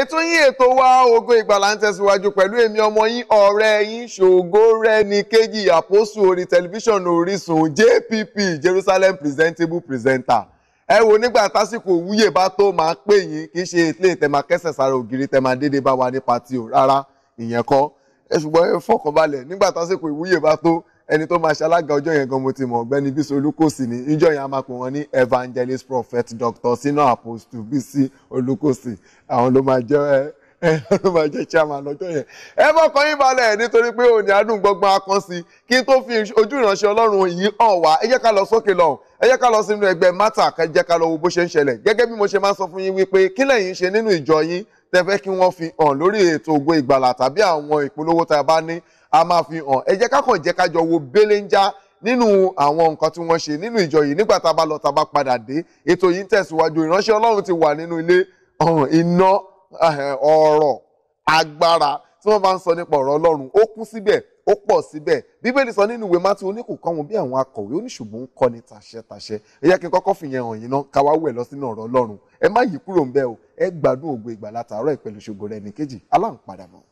ètò yín ètò wa ògo ìgbàlà ń tẹ̀síwájú pẹ̀lú èmi ọmọ yín ọ̀rẹ́ yín Ṣògorẹ́níkéjì àpòsù orí tẹlifíṣàn Orísun JPP Jerusalem presentable presenter ẹ wo nígbà tásìkò wúyè bá tó máa pè yín kì í ṣe ilé ìtẹ̀mákẹ́sẹ̀ sára ògiri tẹ̀mádédé bá wà ní patio rárá ìyẹn kọ́ ẹ ṣùgbọ́n ẹ fọkànbalẹ̀ nígbà tásìkò ìwúyè bá tó ẹni tó máa ṣalága ọjọ́ yẹn gan mo ti mọ̀ ọ̀gbẹ́ni bísí olúkòsì ní ìjọ yẹn a máa pè wọ́n ní evangelist prophet dr sina apostle bísí olúkòsì àwọn ló máa jẹ́ ẹ ló máa jẹ́ chairman lọ́jọ́ yẹn ẹ fọkàn yín balẹ̀ nítorí pé òní adùn gbọ́ngbọ́n akán sí kí n tó fi ojú ìránṣẹ́ ọlọ́run yìí hàn wá ẹ jẹ́ ká lọ sókè lọ́hùn ẹ jẹ́ ká lọ sínú ẹgbẹ́ mátà ẹ jẹ́ ká lọ wo bó ṣe ń ṣẹlẹ̀ gẹ́gẹ́ bí mo ṣe máa sọ fún yín wípé kílẹ̀ yín ṣe nínú ìjọ yín tẹ́ fẹ́ kí wọ́n fi hàn lórí ètò Ògo Ìgbàlà tàbí àwọn ìpolówó tá a bá ní a máa fi hàn ẹ jẹ́ ká kàn jẹ́ ká jọ wo belenja nínú àwọn nǹkan tí wọ́n ṣe nínú ìjọ yìí nígbà tá a bá lọ tá a bá padà dé ètò yìí ń tẹ̀síwájú ìránṣẹ́ Ọlọ́run ti wà nínú ilé iná ọ̀rọ̀ agbára tí wọ́n bá ń sọ nípa ọ̀rọ̀ Ọlọ́run ó kú síbẹ̀ ó pọ̀ síbẹ̀ bíbélì sọ nínú ìwé mátí oníkù kọ́ wọn bí àwọn akọ̀wé oníṣùgbọ́n ń kọ́ni tàṣẹtàṣẹ ẹ yẹ kí n kọ́kọ́ fìyẹn hàn yín náà ká wá wẹ̀ lọ sínú ọ̀rọ̀ ọlọ́run ẹ má yí kúrò ń bẹ̀ o ẹ gbádùn ògo ìgbàlà tààrọ̀ ìpẹ̀lú ṣògo rẹ̀ nìkejì aláǹpadàbọ̀.